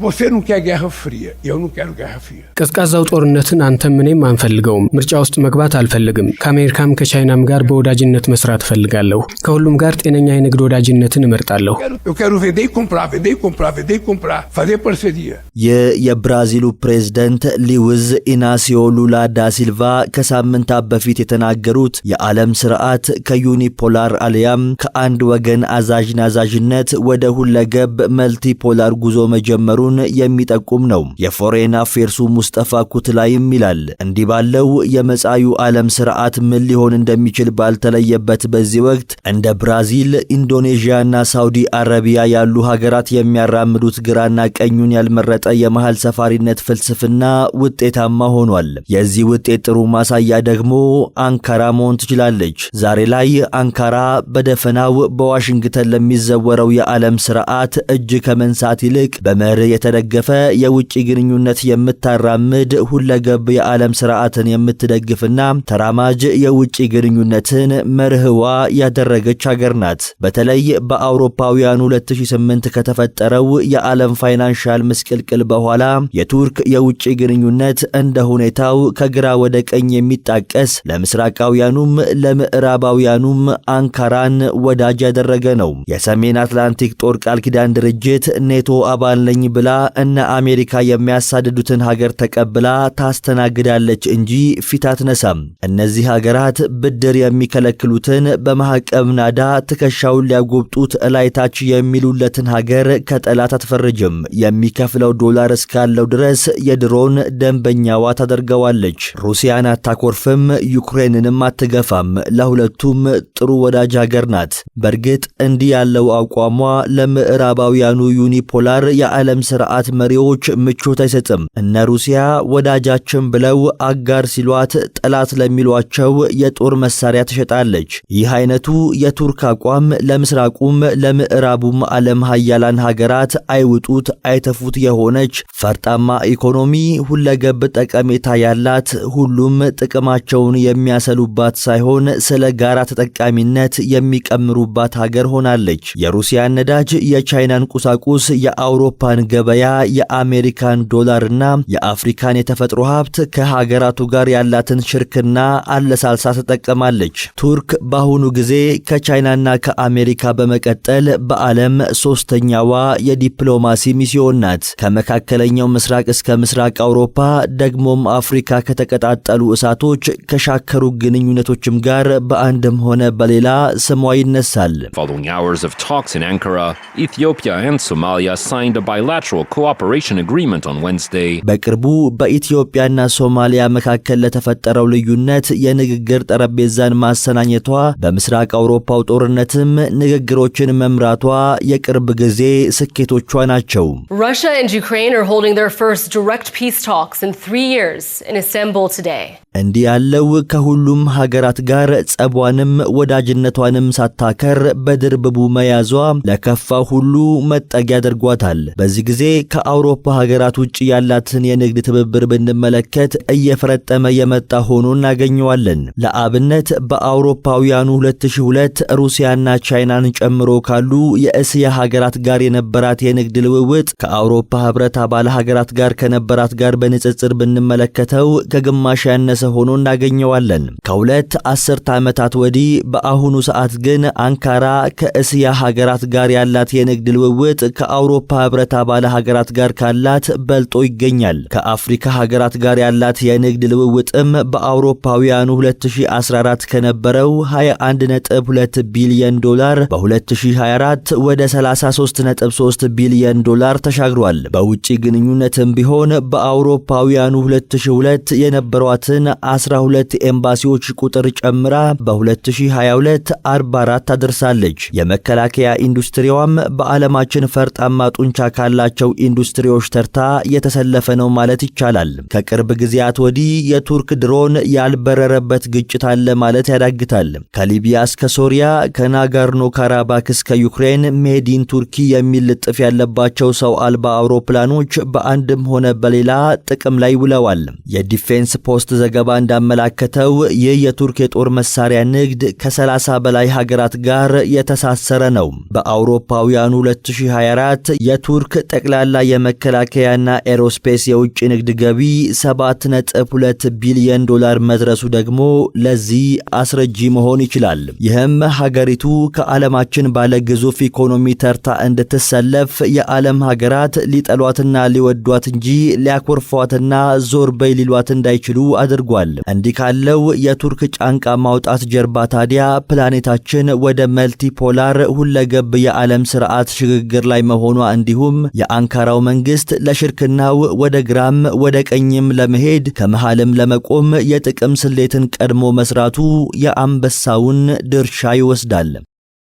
Você não quer guerra fria, eu não quero guerra fria። ቀዝቃዛው ጦርነትን አንተም እኔም አንፈልገውም። ምርጫ ውስጥ መግባት አልፈልግም። ከአሜሪካም ከቻይናም ጋር በወዳጅነት መስራት እፈልጋለሁ። ከሁሉም ጋር ጤነኛ የንግድ ወዳጅነትን እመርጣለሁ። ይህ የብራዚሉ ፕሬዝደንት ሉዊዝ ኢናሲዮ ሉላ ዳ ሲልቫ ከሳምንታት በፊት የተናገሩት የዓለም ስርዓት ከዩኒፖላር አሊያም ከአንድ ወገን አዛዥ አዛዥነት ወደ ሁለገብ መልቲፖላር ጉዞ መጀመሩ መጀመሩን የሚጠቁም ነው። የፎሬን አፌርሱ ሙስጠፋ ኩትላይም ይላል እንዲህ ባለው የመጻዩ ዓለም ስርዓት ምን ሊሆን እንደሚችል ባልተለየበት በዚህ ወቅት እንደ ብራዚል፣ ኢንዶኔዥያና ሳውዲ አረቢያ ያሉ ሀገራት የሚያራምዱት ግራና ቀኙን ያልመረጠ የመሃል ሰፋሪነት ፍልስፍና ውጤታማ ሆኗል። የዚህ ውጤት ጥሩ ማሳያ ደግሞ አንካራ መሆን ትችላለች። ዛሬ ላይ አንካራ በደፈናው በዋሽንግተን ለሚዘወረው የዓለም ስርዓት እጅ ከመንሳት ይልቅ በመርህ የተደገፈ የውጭ ግንኙነት የምታራምድ ሁለገብ የዓለም ስርዓትን የምትደግፍና ተራማጅ የውጭ ግንኙነትን መርህዋ ያደረገች ሀገር ናት። በተለይ በአውሮፓውያን 2008 ከተፈጠረው የዓለም ፋይናንሻል ምስቅልቅል በኋላ የቱርክ የውጭ ግንኙነት እንደ ሁኔታው ከግራ ወደ ቀኝ የሚጣቀስ ለምስራቃውያኑም ለምዕራባውያኑም አንካራን ወዳጅ ያደረገ ነው። የሰሜን አትላንቲክ ጦር ቃል ኪዳን ድርጅት ኔቶ አባል ነኝ ብላ እነ አሜሪካ የሚያሳድዱትን ሀገር ተቀብላ ታስተናግዳለች እንጂ ፊት አትነሳም። እነዚህ ሀገራት ብድር የሚከለክሉትን በማዕቀብ ናዳ ትከሻውን ሊያጎብጡት እላይታች የሚሉለትን ሀገር ከጠላት አትፈርጅም። የሚከፍለው ዶላር እስካለው ድረስ የድሮን ደንበኛዋ ታደርገዋለች። ሩሲያን አታኮርፍም፣ ዩክሬንንም አትገፋም። ለሁለቱም ጥሩ ወዳጅ ሀገር ናት። በእርግጥ እንዲህ ያለው አቋሟ ለምዕራባውያኑ ዩኒፖላር የዓለም ስርዓት መሪዎች ምቾት አይሰጥም። እነ ሩሲያ ወዳጃችን ብለው አጋር ሲሏት ጠላት ለሚሏቸው የጦር መሳሪያ ትሸጣለች። ይህ አይነቱ የቱርክ አቋም ለምስራቁም ለምዕራቡም ዓለም ሀያላን ሀገራት አይውጡት አይተፉት የሆነች ፈርጣማ ኢኮኖሚ፣ ሁለገብ ጠቀሜታ ያላት ሁሉም ጥቅማቸውን የሚያሰሉባት ሳይሆን ስለ ጋራ ተጠቃሚነት የሚቀምሩባት ሀገር ሆናለች። የሩሲያን ነዳጅ፣ የቻይናን ቁሳቁስ፣ የአውሮፓን ገ ገበያ የአሜሪካን ዶላርና የአፍሪካን የተፈጥሮ ሀብት ከሀገራቱ ጋር ያላትን ሽርክና አለሳልሳ ትጠቀማለች። ቱርክ በአሁኑ ጊዜ ከቻይናና ከአሜሪካ በመቀጠል በዓለም ሶስተኛዋ የዲፕሎማሲ ሚስዮን ናት። ከመካከለኛው ምስራቅ እስከ ምስራቅ አውሮፓ ደግሞም አፍሪካ ከተቀጣጠሉ እሳቶች ከሻከሩ ግንኙነቶችም ጋር በአንድም ሆነ በሌላ ስሟ ይነሳል። Following hours of bilateral cooperation agreement on Wednesday. በቅርቡ በኢትዮጵያና ሶማሊያ መካከል ለተፈጠረው ልዩነት የንግግር ጠረጴዛን ማሰናኘቷ በምስራቅ አውሮፓው ጦርነትም ንግግሮችን መምራቷ የቅርብ ጊዜ ስኬቶቿ ናቸው። Russia and Ukraine are holding their first direct peace talks in three years in Istanbul today. እንዲህ ያለው ከሁሉም ሀገራት ጋር ጸቧንም ወዳጅነቷንም ሳታከር በድርብቡ መያዟ ለከፋ ሁሉ መጠጊያ አድርጓታል። በዚህ ጊዜ ከአውሮፓ ሀገራት ውጭ ያላትን የንግድ ትብብር ብንመለከት እየፈረጠመ የመጣ ሆኖ እናገኘዋለን። ለአብነት በአውሮፓውያኑ 2002 ሩሲያና ቻይናን ጨምሮ ካሉ የእስያ ሀገራት ጋር የነበራት የንግድ ልውውጥ ከአውሮፓ ህብረት አባል ሀገራት ጋር ከነበራት ጋር በንጽጽር ብንመለከተው ከግማሽ ያነሰ የባሰ ሆኖ እናገኘዋለን። ከሁለት አስርተ ዓመታት ወዲህ በአሁኑ ሰዓት ግን አንካራ ከእስያ ሀገራት ጋር ያላት የንግድ ልውውጥ ከአውሮፓ ህብረት አባል ሀገራት ጋር ካላት በልጦ ይገኛል። ከአፍሪካ ሀገራት ጋር ያላት የንግድ ልውውጥም በአውሮፓውያኑ 2014 ከነበረው 21.2 ቢሊዮን ዶላር በ2024 ወደ 33.3 ቢሊዮን ዶላር ተሻግሯል። በውጭ ግንኙነትም ቢሆን በአውሮፓውያኑ 2002 የነበሯትን 12 ኤምባሲዎች ቁጥር ጨምራ በ2022 44 አድርሳለች። የመከላከያ ኢንዱስትሪዋም በዓለማችን ፈርጣማ ጡንቻ ካላቸው ኢንዱስትሪዎች ተርታ የተሰለፈ ነው ማለት ይቻላል። ከቅርብ ጊዜያት ወዲህ የቱርክ ድሮን ያልበረረበት ግጭት አለ ማለት ያዳግታል። ከሊቢያ እስከ ሶሪያ፣ ከናጋርኖ ካራባክ እስከ ዩክሬን ሜዲን ቱርኪ የሚል ልጥፍ ያለባቸው ሰው አልባ አውሮፕላኖች በአንድም ሆነ በሌላ ጥቅም ላይ ውለዋል። የዲፌንስ ፖስት ዘገባ ዘገባ እንዳመላከተው ይህ የቱርክ የጦር መሳሪያ ንግድ ከ30 በላይ ሀገራት ጋር የተሳሰረ ነው። በአውሮፓውያኑ 2024 የቱርክ ጠቅላላ የመከላከያና ኤሮስፔስ የውጭ ንግድ ገቢ 7.2 ቢሊዮን ዶላር መድረሱ ደግሞ ለዚህ አስረጂ መሆን ይችላል። ይህም ሀገሪቱ ከዓለማችን ባለ ግዙፍ ኢኮኖሚ ተርታ እንድትሰለፍ የዓለም ሀገራት ሊጠሏትና ሊወዷት እንጂ ሊያኮርፏትና ዞር በይ ሊሏት እንዳይችሉ አድርጓል። አድርጓል። እንዲህ ካለው የቱርክ ጫንቃ ማውጣት ጀርባ ታዲያ ፕላኔታችን ወደ መልቲፖላር ሁለገብ የዓለም ስርዓት ሽግግር ላይ መሆኗ እንዲሁም የአንካራው መንግስት ለሽርክናው ወደ ግራም ወደ ቀኝም ለመሄድ ከመሃልም ለመቆም የጥቅም ስሌትን ቀድሞ መስራቱ የአንበሳውን ድርሻ ይወስዳል።